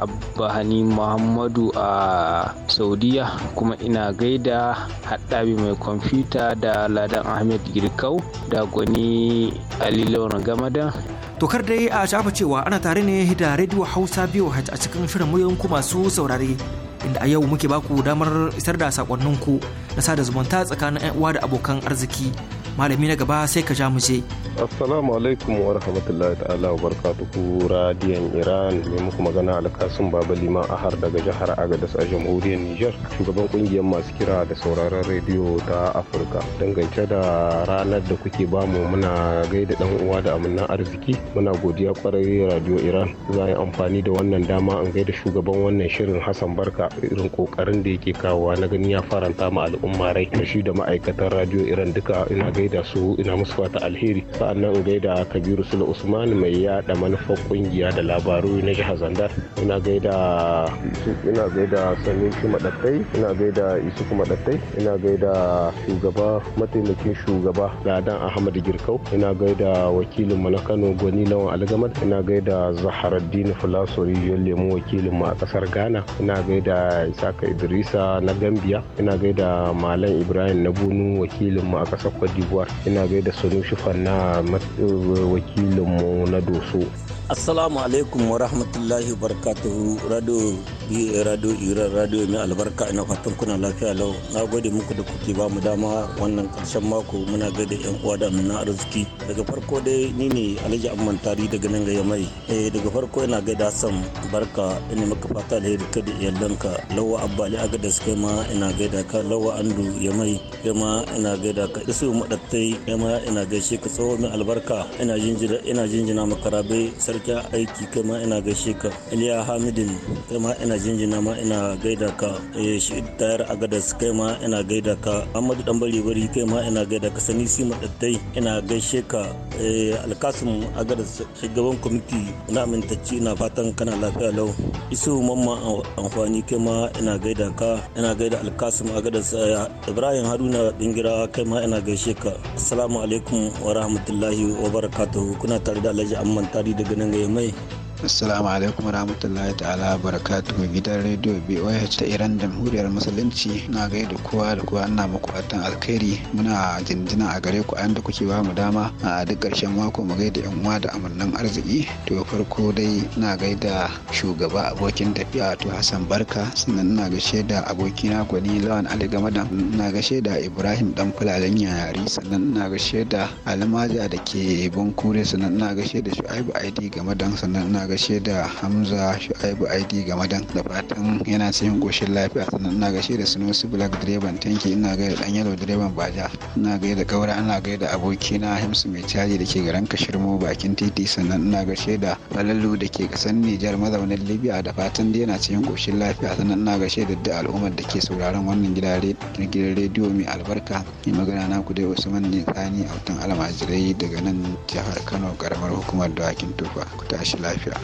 abahani muhammadu a saudiya kuma ina gaida haɗabi mai kwamfuta da ladan ahmed girkau da gwani alilawar gamadan tokar dai a shafa cewa ana tare ne da rediyo hausa biyu a cikin shirin muryoyin ku masu saurare inda a yau muke baku damar isar da sakonninku na sada zumunta tsakanin 'yan uwa da abokan arziki malami na gaba sai ka ja mu je assalamu alaikum wa rahmatullahi ta'ala wa barakatuhu radiyan iran ne muku magana alkasun baba lima ahar daga jihar agadas a jamhuriyar niger shugaban kungiyar masu kira da sauraron rediyo ta afirka dangance da ranar da kuke bamu muna gaida dan uwa da amannan arziki muna godiya kwarai radio iran za yi amfani da wannan dama in gaida shugaban wannan shirin hassan barka irin kokarin da yake kawowa na gani ya faranta ma al'umma rai da shi da ma'aikatan radio iran duka ina gaida gaida su ina musu fata alheri sa'annan in gaida kabiru sula usman mai yada manufar kungiya da labaru na jihar zandar ina gaida ina gaida sanin shi madattai ina gaida isufu madattai ina gaida shugaba mataimakin shugaba ladan ahmad girkau ina gaida wakilin mu na kano gwani lawan algamar ina gaida zaharaddin fulasori lemu wakilin mu a kasar ghana ina gaida isaka idrisa na gambia ina gaida malam ibrahim na bunu wakilin mu a kasar cote Buwar ina gaida Sanusi Fanna wakilinmu na Doso assalamu alaikum wa rahmatullahi wa barakatuhu radio radio iran radio mai albarka ina fatan kuna lafiya lau na gode muku da kuke ba mu dama wannan karshen mako muna da yan uwa da na arziki daga farko dai ni ne alhaji amman tari daga nan gaya mai eh daga farko ina gaida san barka ina maka fata da yadda da iyalanka lawa abbali aga da suka ma ina gaida ka lawa andu ya mai ma ina gaida ka isu madattai ma ina gaishe ka tsohon albarka jinjina ina jinjina maka rabe sarkin aiki kai ma ina gaishe ka iliya hamidin kai ma ina jinjina ma ina gaida ka eh, shi tayar agadas kai ma ina gaida ka amadu dan bari bari kai ma ina gaida ka sani si madattai ina gaishe ka eh, alkasim agadas shugaban kwamiti na amintacci ina fatan kana lafiya lau isu mamma amfani kai ma ina gaida ka ina gaida alkasim agadas eh, ibrahim haruna dingira kai ma ina gaishe ka assalamu alaikum wa rahmatullahi wa barakatuhu kuna tare da alhaji amman tari daga 给妹。assalamu alaikum rahmatullahi ta'ala barakatuhu gidan rediyo BOH ta Iran jamhuriyar musulunci na gaida kowa da kowa ina muku fatan alkhairi muna jinjina a gare ku da kuke ba mu dama a duk ƙarshen mako mu gaida yan uwa da amannan arziki to farko dai na gaida shugaba abokin tafiya to Hassan Barka sannan ina gaishe da abokina Gwani Lawan Ali Gamadan ina gaishe da Ibrahim dan Fulalen Yayari sannan ina gaishe da Almaja da ke Bunkure sannan ina gaishe da Shu'aibu ID Gamadan sannan ina gaishe da Hamza Shu'aibu ID madan da fatan yana cikin goshin lafiya sannan ina gaishe da Sunusi Black direban tanki ina gaida dan yalo direban baja ina gaida Gaura ina gaida abokina Himsu mai caji da ke garin Kashirmo bakin titi sannan ina gaishe da Falalu da ke kasan Nijar mazaunin Libya da fatan dai yana cikin goshin lafiya sannan ina gaishe da duk al'ummar da ke sauraron wannan gidan rediyo mai albarka mai magana na ku dai Usman ne tsani a wutan almajirai daga nan jihar Kano karamar hukumar dawakin tufa ku tashi lafiya.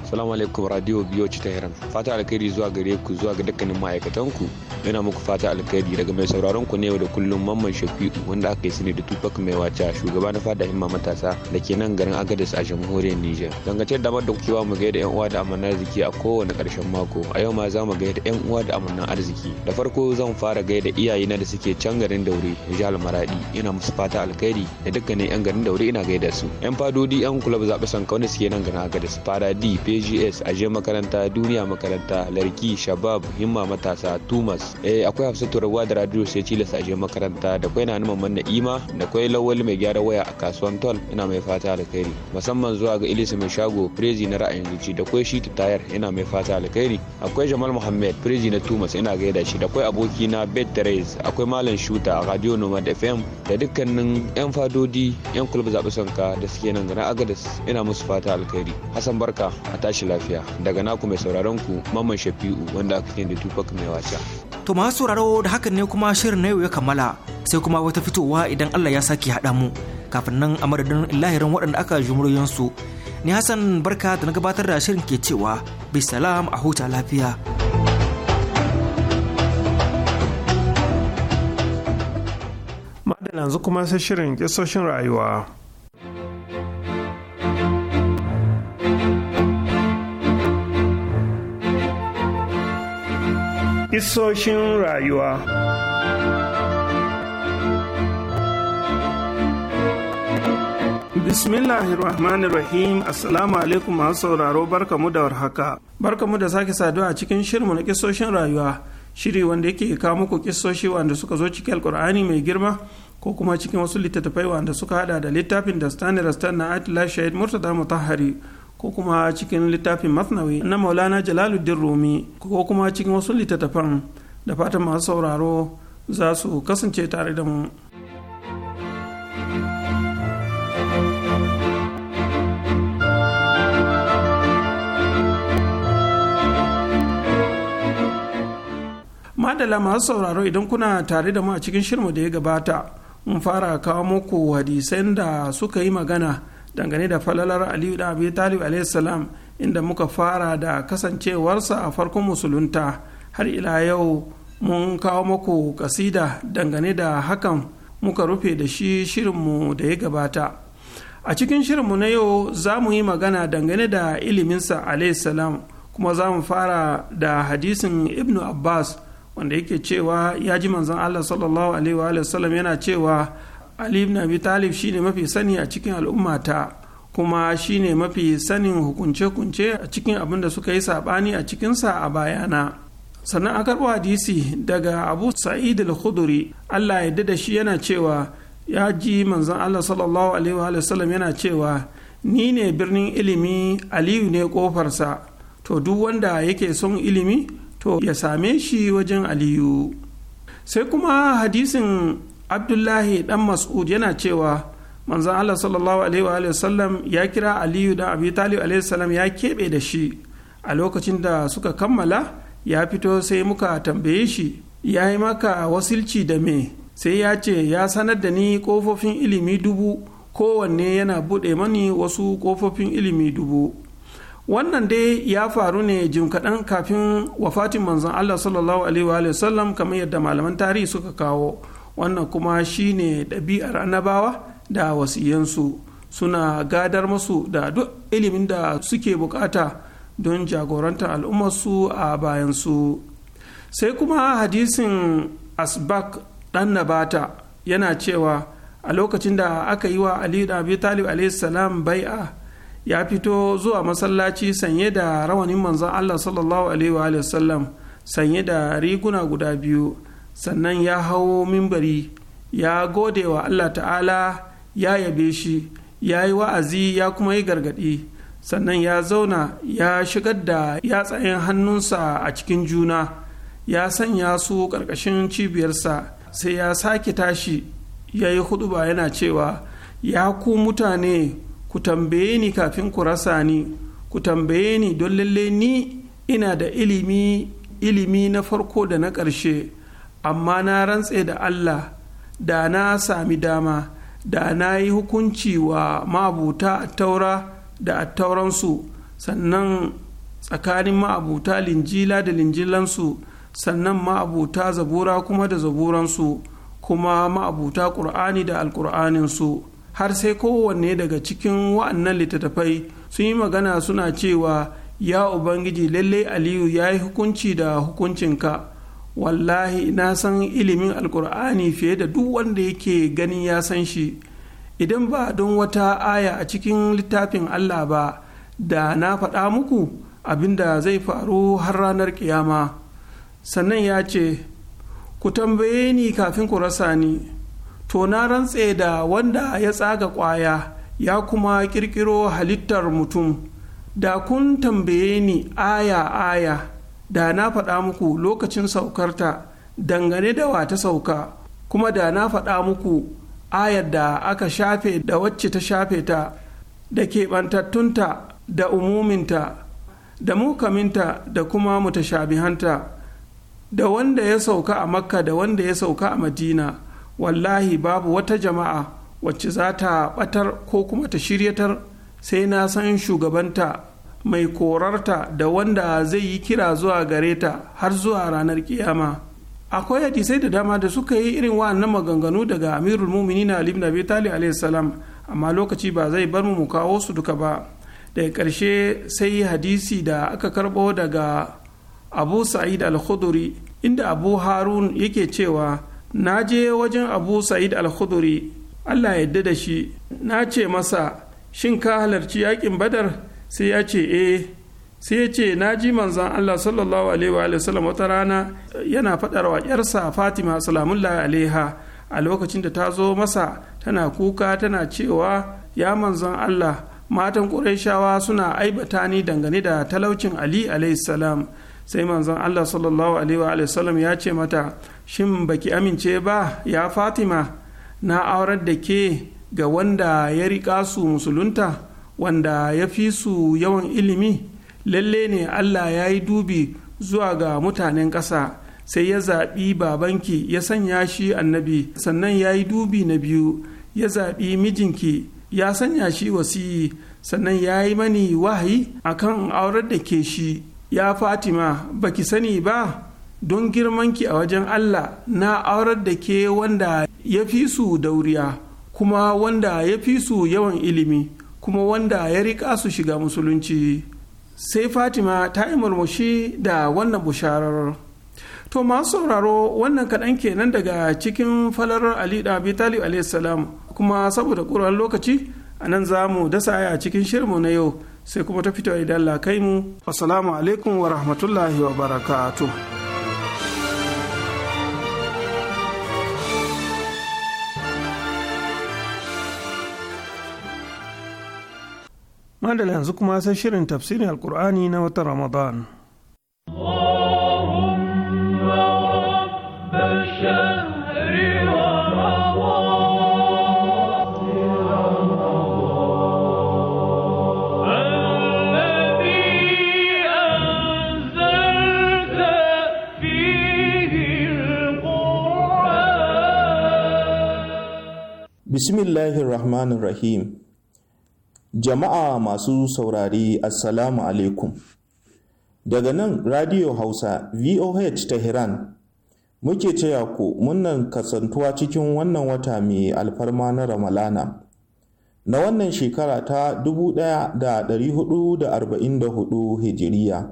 salamu alaikum radio biyo ta Hiram. Fata alkhairi zuwa gare ku zuwa ga dukkanin ma'aikatan ku. yana muku fata alkhairi daga mai sauraron ku ne yau da kullum Mamman Shafi'u wanda aka yi sani da Tupac mai wata shugaba na fada himma matasa da ke nan garin agadis a jamhuriyar Niger. Dangace da damar da kuke ba mu gaida yan uwa da amana arziki a kowane karshen mako. A yau ma za mu gaida yan uwa da amana arziki. Da farko zan fara gaida iyaye iyayena da suke can garin Daure, Jihar Maradi. Ina musu fata alkhairi da dukkanin yan garin Daure ina gaida su. Yan fadodi yan kulab zaɓi sanka wanda suke nan garin agadis Fada di AGS aje makaranta duniya makaranta larki shabab himma matasa tumas eh akwai Hafsa Turawa da radio sai cilas aje makaranta da kwai na numan manna ima da kwai lawal mai gyara waya a kasuwan tol ina mai fata alkhairi musamman zuwa ga ilisa mai shago prezi na ra'ayin zuci da kwai shitu tayar ina mai fata alkhairi akwai jamal muhammad prezi na tumas ina gaida shi da kwai aboki na bet teres akwai malam shuta radio nomad fm da dukkanin yan fadodi yan kulub zabi sanka da suke nan na agadas ina musu fata alkhairi hassan barka a tashi lafiya daga naku mai sauraron ku Mamman Shafi'u wanda aka fi da Tupac mai ta To masu sauraro da hakan ne kuma shirin na yau ya kammala sai kuma wata fitowa idan Allah ya sake haɗa mu kafin nan a madadin lahirin waɗanda aka su Ni Hassan Barka da na gabatar da shirin ke cewa bisalam a huta lafiya. Madalla yanzu kuma sai shirin kisoshin rayuwa. Isoshin rayuwa. Bismillahirrahmanirrahim Assalamu alaikum masu sauraro barkamu da warhaka. Barkamu da sake saduwa a cikin shirmu na kisoshin rayuwa, shiri wanda yake kawo muku kisoshi wanda suka zo cikin alkur'ani mai girma ko kuma cikin wasu littattafai wanda suka hada da littafin da Stanley Rastan na Atila Shahid Murtada Mutahari. ko kuma cikin littafin masnawi na maulana jalaluddin rumi ko kuma cikin wasu littattafan da fatan masu sauraro za su kasance tare da mu madala masu sauraro idan kuna tare da mu a cikin shirmu da ya gabata mun fara kawo muku hadisan da suka yi magana dangane da falalar aliyu da abi talib salam inda muka fara da kasancewarsa a farkon musulunta har ila yau mun kawo muku kasida dangane da hakan muka rufe da shi shirinmu da ya gabata a cikin shirinmu na yau za mu yi magana dangane da iliminsa salam kuma za mu fara da hadisin ibnu abbas wanda yake cewa ya ji manzon allah sallallahu alaihi wa sallam yana cewa ali ibn abi talib shine mafi sani a cikin al'ummata kuma shine mafi sanin hukunce-hukunce a cikin abin da suka yi saɓani a cikinsa a bayana sannan aka karɓo hadisi daga abu sa'id al khudri allah ya da shi yana cewa ya ji manzon allah sallallahu alaihi wa sallam yana cewa ni ne birnin ilimi aliyu ne kofarsa to duk wanda yake son ilimi to ya same shi wajen aliyu sai kuma hadisin abdullahi dan mas'ud yana cewa manzan allah sallallahu alaihi wa sallam ya kira aliyu dan abi talib alaihi salam ya keɓe da shi a lokacin da suka kammala ya fito sai muka tambaye shi ya yi maka wasilci da me sai ya ce ya sanar da ni kofofin ilimi dubu kowanne yana buɗe mani wasu kofofin ilimi dubu wannan dai ya faru ne jim kaɗan kafin wafatin manzon allah sallallahu alaihi wa sallam kamar yadda malaman tarihi suka kawo wannan kuma shine ɗabi'ar annabawa da wasiyansu suna gadar masu da duk ilimin da suke bukata don jagorantar al'ummarsu a bayansu sai kuma hadisin asbak ɗan nabata yana cewa a lokacin da aka yi wa ali da abi talib salam bai'a ya fito zuwa masallaci sanye da rawanin manzan allah sallallahu alaihi wa sallam sanye da riguna guda biyu sannan ya hawo mimbari ya gode wa allah ta'ala ya yabe shi ya yi wa'azi ya kuma yi gargaɗi sannan ya zauna ya shigar da yatsayen hannunsa a cikin juna ya sanya su ƙarƙashin cibiyarsa sai ya sake tashi ya yi huduba yana cewa ya ku mutane ku tambaye ni kafin ku rasa ni ku tambaye ni don lalle ni ina da ilimi ilimi na farko da na ƙarshe amma na rantse da Allah da na sami dama da na yi hukunci wa ma'abuta taura da a tauransu sannan tsakanin ma'abuta linjila da linjilansu sannan ma'abuta zabura kuma da zaburansu kuma ma'abuta ƙur'ani da alƙur'aninsu har sai kowanne daga cikin wa'annan littattafai sun yi magana suna cewa ya ubangiji lallai aliyu ya yi hukunci da hukuncinka wallahi na san ilimin alkur'ani fiye da duk wanda yake gani ya san shi idan ba don wata aya a cikin littafin allah ba da na faɗa muku abinda zai faru har ranar ƙiyama. sannan ya ce ku tambaye ni kafin ku rasa ni to na rantse da wanda ya tsaga ƙwaya ya kuma kirkiro halittar mutum da kun tambaye ni aya aya da na faɗa muku lokacin saukarta dangane da wa ta sauka kuma da na faɗa muku ayar da aka shafe da wacce ta shafe ta da keɓantattunta da umuminta da mukaminta da kuma mutashabihanta da wanda ya sauka a makka da wanda ya sauka a madina wallahi babu wata jama'a wacce za ta ɓatar ko kuma ta shiryatar sai na san shugabanta mai korarta da wanda zai yi kira zuwa gare ta har zuwa ranar kiyama akwai hadisai da dama da suka yi irin wa'annan maganganu daga amirul mumini na ibn abi talib amma lokaci ba zai bar mu kawo su duka ba daga karshe sai hadisi da aka karɓo daga abu sa'id al-khuduri inda abu harun yake cewa na je wajen abu sa'id al-khuduri allah yadda da shi na ce masa shin ka halarci yakin badar sai ya ce eh sai ya ce na ji manzan Allah sallallahu alaihi wa sallam wata rana yana fadar wa ƴarsa Fatima salamullahi alaiha a lokacin da ta zo masa tana kuka tana cewa ya manzan Allah matan Qurayshawa suna aibata ni dangane da talaucin Ali alaihi salam sai manzan Allah sallallahu alaihi wa sallam ya ce mata shin baki amince ba ya Fatima na aurar da ke ga wanda ya riƙa su musulunta wanda ya fi su yawan ilimi lalle ne allah ya yi dubi zuwa ga mutanen ƙasa sai ya zaɓi babanki ya sanya shi annabi sannan ya yi dubi na biyu ya zaɓi mijinki ya sanya shi wasiyi sannan ya yi mani wahayi A kan aurar da ke shi ya fatima baki sani ba don girmanki a wajen allah na aurar da ke wanda ya fi su dauriya kuma wanda ya fi su yawan ilimi kuma wanda ya rika su shiga musulunci sai fatima ta yi murmushi da wannan busharar to masu sauraro wannan kaɗan kenan daga cikin falarar ali da abi alaihissalam kuma saboda ƙuran lokaci a nan za mu dasa ya cikin shirinmu na yau sai kuma ta fito idan la kai mu assalamu alaikum wa rahmatullahi wa barakatuh ماذا لنزكما سشر تفسير القرآن نوة رمضان اللهم رب الشهر بسم الله الرحمن الرحيم Jama'a masu saurari Assalamu alaikum. Daga nan Radio Hausa VOH Tehran muke cewa ku munnan kasantuwa cikin wannan wata mai alfarma na Ramalana. Na wannan shekara ta 1444 Hijiriya,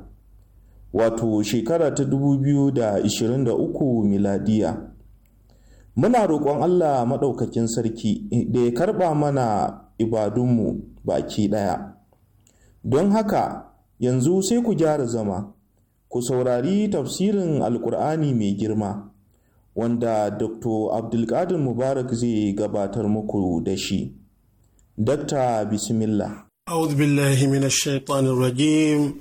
wato shekara ta 2023 miladiya. Muna roƙon Allah Maɗaukakin Sarki da ya karɓa mana ibadunmu baki ɗaya. Don haka yanzu sai ku gyara zama, ku saurari tafsirin Alƙur'ani mai girma, wanda Dr. Abdulkadir Mubarak zai gabatar muku da shi. Dakta Bismillah. أعوذ بالله من الشيطان الرجيم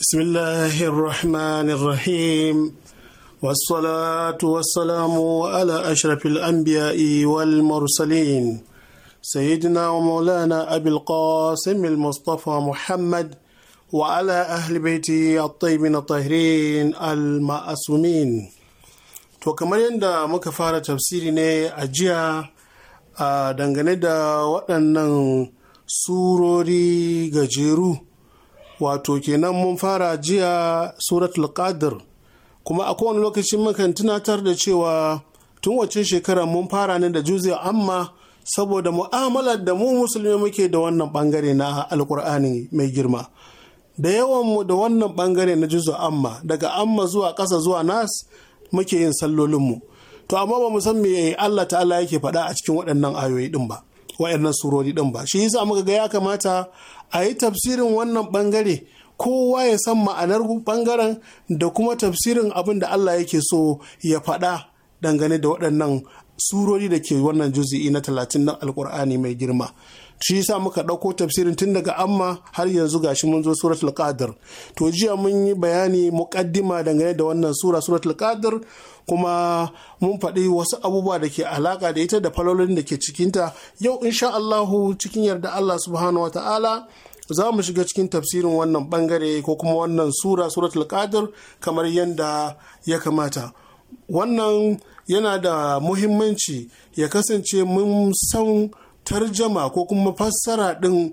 بسم الله الرحمن الرحيم والصلاة والسلام على أشرف الأنبياء والمرسلين سيدنا ومولانا أبي Mustapha Muhammad, محمد وعلى أهل بيته الطيبين الطاهرين المأسومين to kamar yadda muka fara tafsiri ne a jiya a dangane da waɗannan surori gajeru wato kenan mun fara jiya suratul qadr kuma a kowane lokacin mukan tunatar da cewa tun wacce shekarar mun fara ne da juzi amma saboda mu'amalar da mu musulmi muke da wannan bangare na alkur'ani mai girma da yawan mu da wannan bangare na juzu amma daga amma zuwa ƙasa zuwa nas muke yin sallolinmu to amma ba mu san me Allah ta'ala yake faɗa a cikin waɗannan ayoyi din ba waɗannan surori din ba shi yasa muka ga ya kamata a yi tafsirin wannan bangare kowa ya san ma'anar bangaren da kuma tafsirin abin da Allah yake so ya faɗa dangane da waɗannan surori da ke wannan juzi'i na talatin na alkur'ani mai girma shi yasa muka ɗauko tafsirin tun daga amma har yanzu gashi mun zo suratul qadr to jiya mun yi bayani muqaddima dangane da wannan sura suratul qadr kuma mun faɗi wasu abubuwa da ke alaƙa da ita da falolin da ke cikinta yau insha Allahu cikin yarda Allah subhanahu ta'ala za mu shiga cikin tafsirin wannan bangare ko kuma wannan sura suratul qadr kamar yadda ya kamata wannan yana da muhimmanci ya kasance mun san tarjama ko kuma fassara ɗin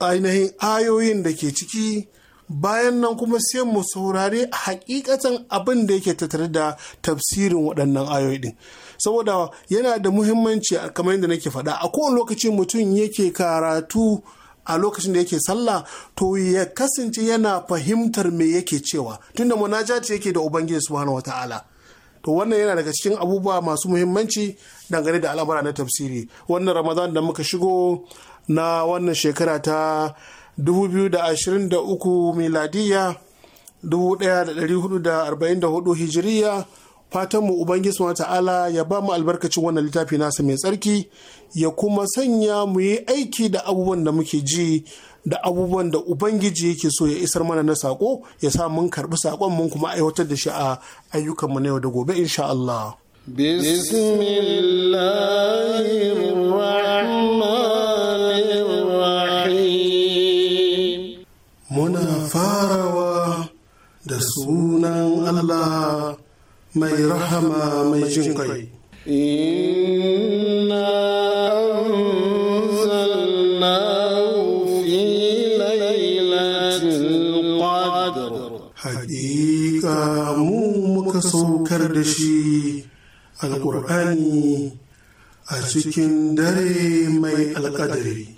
ainihin ayoyin da ke ciki bayan nan kuma sai mu saurari hakikatan abin da yake tattare da tafsirin waɗannan ayoyi din. saboda yana da muhimmanci kamar yadda nake faɗa a kowane lokaci mutum yake karatu a lokacin da yake sallah to ya kasance yana fahimtar me yake cewa tunda munajati yake da ubangiji subhanahu wataala to wannan yana daga cikin abubuwa masu muhimmanci dangane da al'amura na tafsiri wannan ramadan da muka shigo na wannan shekara ta 2023 miladiya 1444 hijiriya fatanmu mu ubangiji wa ta'ala ya ba mu albarkacin wannan littafi nasa mai tsarki ya kuma sanya mu yi aiki da abubuwan da muke ji da abubuwan da ubangiji yake so ya isar mana na sako ya sa mun karbi sakon mun kuma aiwatar da shi a ayyukanmu na yau da gobe insha Allah Muna farawa da sunan Allah mai rahama mai jin kai. hakika mu muka saukar da shi alkur'ani a cikin dare mai alkadari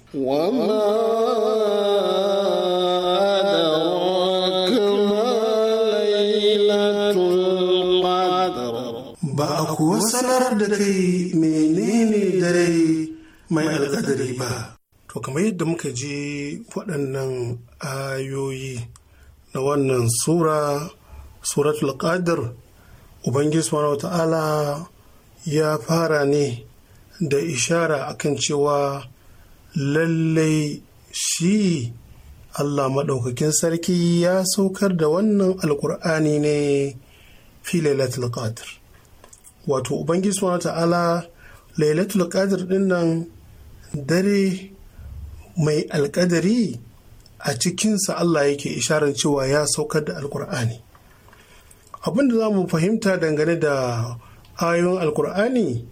ba a kuwa sanar da kai menene dare mai alkadari ba to kamar yadda muka ji waɗannan ayoyi na wannan sura suratul qadr ubangiji subhanahu ta'ala ya fara ne da ishara akan cewa lallai shi Allah maɗaukakin sarki ya saukar da wannan alkur'ani ne fi lailatul qadr wato ubangiji subhanahu ta'ala lailatul qadr din nan dare mai alƙadari a cikinsa Allah yake isharar cewa ya saukar da alkur'ani abin da za mu fahimta dangane da ayoyin alkur'ani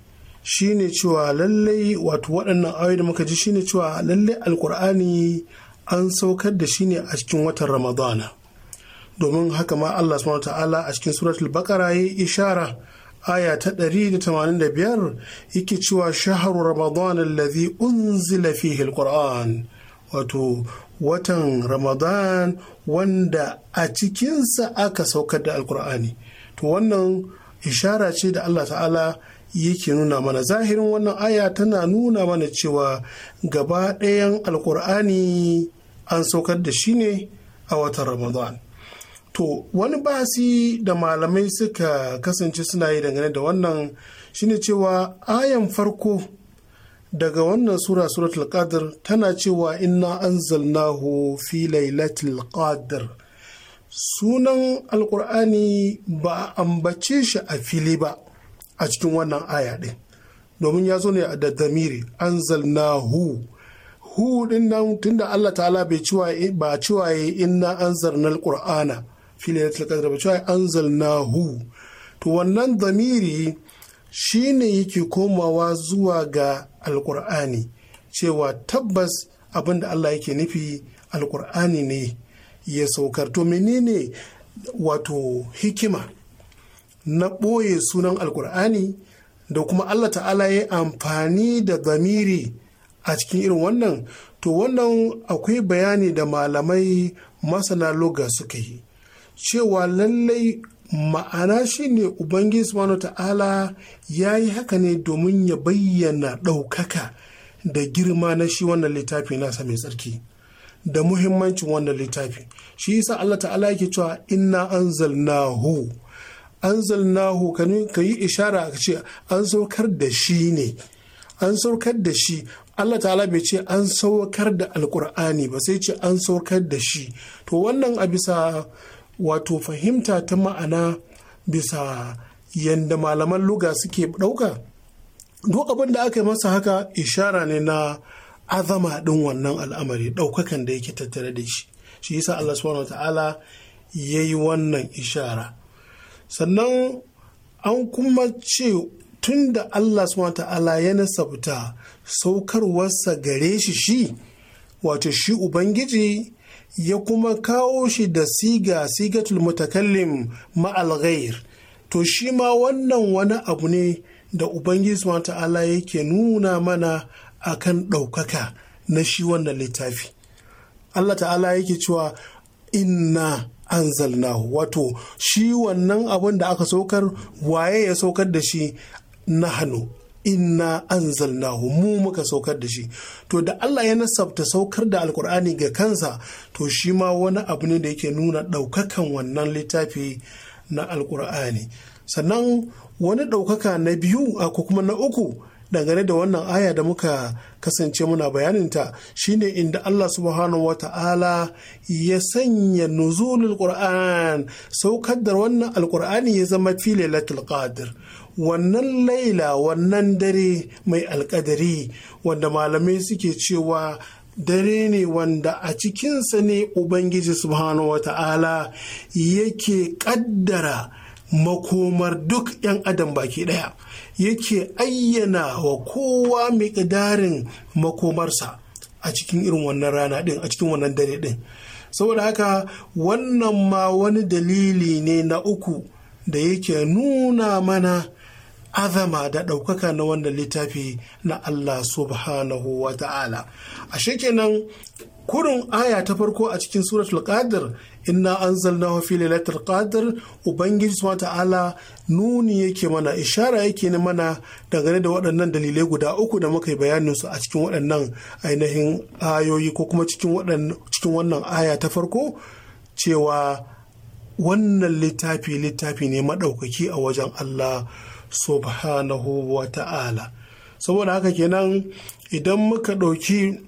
shine cewa lallai wato waɗannan ayoyi da muka ji shine cewa lallai alkur'ani an saukar da shi ne a cikin watan ramadana domin haka ma allah subhanahu ta'ala a cikin suratul bakara ya ishara aya ta 185 yake cewa shaharu ramadan allazi unzila fihi alquran wato watan ramadan wanda a cikinsa aka saukar da alkur'ani to wannan ishara ce da allah ta'ala yake nuna mana zahirin wannan aya tana nuna mana cewa gaba ɗayan alkur'ani an saukar da shi ne a watan ramadan to wani basi da malamai suka kasance suna yi dangane da wannan shine cewa ayan farko daga wannan sura suratul qadr tana cewa inna anzalnahu fi lailatul qadr sunan alkur'ani ba a ambace shi a fili ba a cikin wannan aya ɗin domin ya zo ne da damiri anzalnahu hu din nan tunda Allah ta'ala bai cewa ba ciwa inna anzalnal qur'ana fi lailatul qadr ba cewa anzalnahu to wannan damiri shine yake komawa zuwa ga alkur'ani cewa tabbas abin da Allah yake nufi alkur'ani ne ya saukar to menene wato hikima na ɓoye sunan alkur'ani da kuma Allah ta'ala ya amfani da zamiri a cikin irin wannan to wannan akwai bayani da malamai masana loga suka yi cewa lallai ma'ana shi ne ubangiji subhanahu ta'ala ya yi haka ne domin ya bayyana ɗaukaka da girma na shi wannan littafi nasa mai tsarki da muhimmancin wannan littafi shi yasa Allah ta'ala yake cewa inna anzalnahu anzalnahu ka yi ishara ka ce an saukar da shi ne an saukar da shi Allah ta'ala bai ce an saukar da alkur'ani ba sai ce an saukar da shi to wannan a bisa wato fahimta ta ma'ana bisa yadda malaman luga suke ɗauka duk abin da aka yi masa haka ishara ne na azama ɗin wannan al'amari ɗaukakan da yake tattare da shi shi yasa Allah subhanahu ta'ala ya yi wannan ishara sannan an kuma ce tun da Allah subhanahu ta'ala ya nasabta saukarwarsa gare shi shi wato shi ubangiji ya kuma kawo shi da siga sigatul mutakallim ma'al ghair to shi ma wannan wani abu ne da ubangiji wa ta'ala yake nuna mana akan ɗaukaka na shi wannan littafi Allah ta'ala yake cewa inna anzalna wato shi wannan abin da aka saukar waye ya saukar da shi hannu. inna anzalnahu mu muka saukar da shi to da Allah ya nasabta saukar da alkur'ani ga kansa to shi ma wani abu ne da yake nuna ɗaukakan wannan littafi na alkur'ani sannan wani ɗaukaka na biyu ko kuma na uku dangane da wannan aya da muka kasance muna bayaninta shine inda Allah subhanahu wa ta'ala ya sanya nuzulul qur'an saukar da wannan alqur'ani ya zama fi lailatul qadr wannan laila wannan dare mai alkadari wanda malamai suke cewa dare ne wanda a cikinsa ne ubangiji subhanahu wa ta'ala yake kaddara makomar duk 'yan adam baki ɗaya yake ayyana wa kowa miƙdarin makomarsa a cikin irin wannan rana din, a cikin wannan dare din. saboda haka wannan ma wani dalili ne na uku da yake nuna mana azama da ɗaukaka na wannan littafi na Allah subhanahu wa ta'ala a shekenan kurin aya ta farko a cikin suratul qadr inna zalna fi lailatul qadr ubangiji subhanahu ta'ala nuni yake mana ishara yake ne mana dangane da waɗannan dalilai guda uku da muka yi bayanin su a cikin waɗannan ainihin ayoyi ko kuma cikin cikin wannan aya ta farko cewa wannan littafi littafi ne maɗaukaki a wajen Allah subhanahu wa ta'ala saboda haka kenan idan muka ɗauki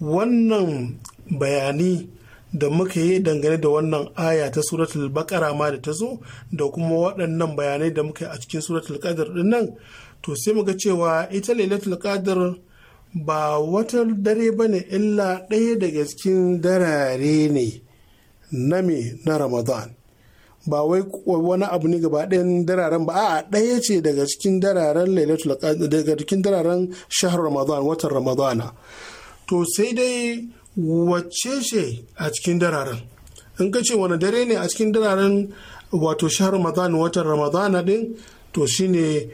wannan bayani da muka yi dangane da wannan aya ta suratul bakara ma da ta zo da kuma waɗannan bayanai da muka yi a cikin suratul qadr din nan to sai muga cewa ita lailatul qadr ba wata dare ba ne illa ɗaya daga cikin darare ne na me na ramadan ba wai wani abu ne gaba ɗayan dararen ba a ɗaya ce daga cikin dararen lailatul daga cikin dararen shahar ramadan watan ramadana to sai dai wacce ce a cikin dararen in ka ce wani dare ne a cikin dararen wato shahar ramadan watan ramadana din to shine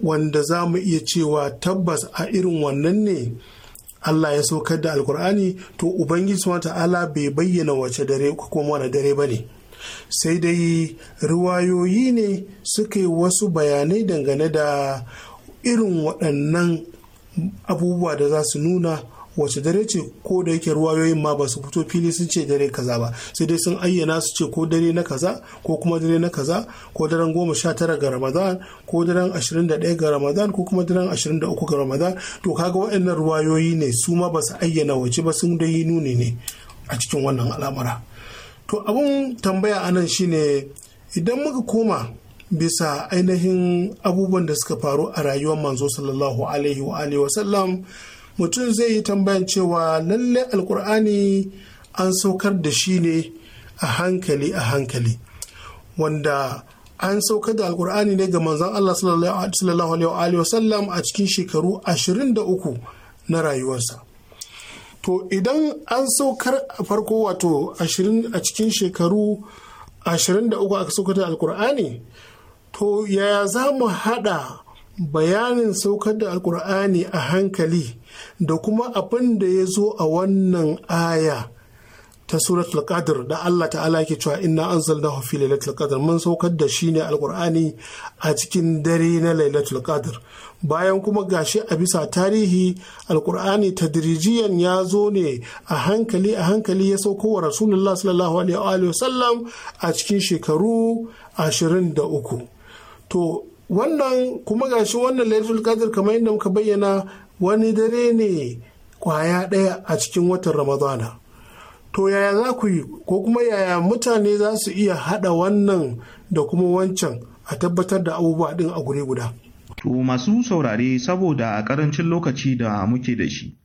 wanda za mu iya cewa tabbas a irin wannan ne Allah ya saukar da alkur'ani to ubangiji mata ta'ala bai bayyana wace dare kuma wani dare ba ne sai dai ruwayoyi ne suka yi wasu bayanai dangane da irin waɗannan abubuwa da za su nuna wace dare ce ko da yake ruwayoyin ma ba su fito fili sun ce dare kaza ba sai dai sun ayyana su ce ko dare na kaza ko kuma dare na kaza ko daren goma sha tara ga ramadan ko daren ashirin da ɗaya ga ramadan ko kuma daren ashirin da uku ga ramadan to kaga waɗannan ruwayoyi ne su ma ba su ayyana wace ba sun dai nuni ne a cikin wannan al'amura to abun tambaya anan shine idan muka koma bisa ainihin abubuwan da suka faru a rayuwar manzo sallallahu alaihi wa alihi wa mutum zai yi tambayan cewa lallai alkur'ani an saukar da shi ne a hankali a hankali wanda an saukar da alkur'ani ne ga manzon Allah sallallahu alaihi wasallam a cikin shekaru 23 na rayuwarsa to idan an saukar a farko wato a cikin shekaru 23 aka saukar da alkur'ani to yaya za mu hada bayanin saukar da alkur'ani a hankali da kuma abin da ya zo a wannan aya ta suratul qadr da Allah ta'ala ke cewa inna anzalnahu fi lailatul qadr mun saukar da shi ne alqur'ani a cikin dare na lailatul qadr bayan kuma gashi a bisa tarihi alqur'ani tadrijiyan ya zo ne a hankali a hankali ya sauko wa rasulullah sallallahu alaihi wa sallam a cikin shekaru 23 to wannan kuma gashi wannan lailatul qadr kamar yadda muka bayyana wani dare ne kwaya ɗaya a cikin watan ramadana to yaya za ku yi ko kuma yaya mutane za su iya haɗa wannan da kuma wancan a tabbatar da abubuwa ɗin a guri guda to masu saurare saboda a ƙarancin lokaci da muke da shi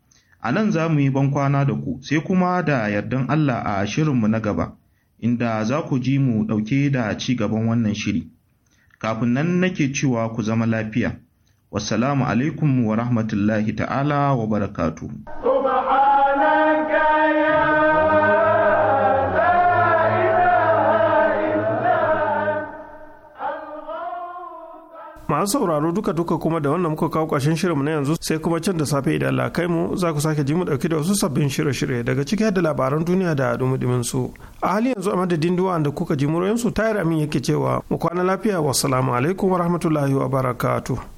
a nan za mu yi bankwana da ku sai kuma da yardan allah a shirinmu na gaba inda za ku ji mu ɗauke da ci gaban wannan shiri kafin nan nake cewa ku zama lafiya Wassalamu alaikum wa rahmatullahi ta'ala wa barakatu. masu sauraro duka duka kuma da wannan muka kawo ƙarshen shirinmu na yanzu sai kuma can da safe idan Allah kai mu za ku sake ji mu dauki da wasu sabbin shirye-shirye daga ciki da labaran duniya da dumudumin su a hali yanzu a madadin duwa da kuka ji muryansu su tayar amin yake cewa mu kwana lafiya wassalamu alaikum wa rahmatullahi wa barakatuh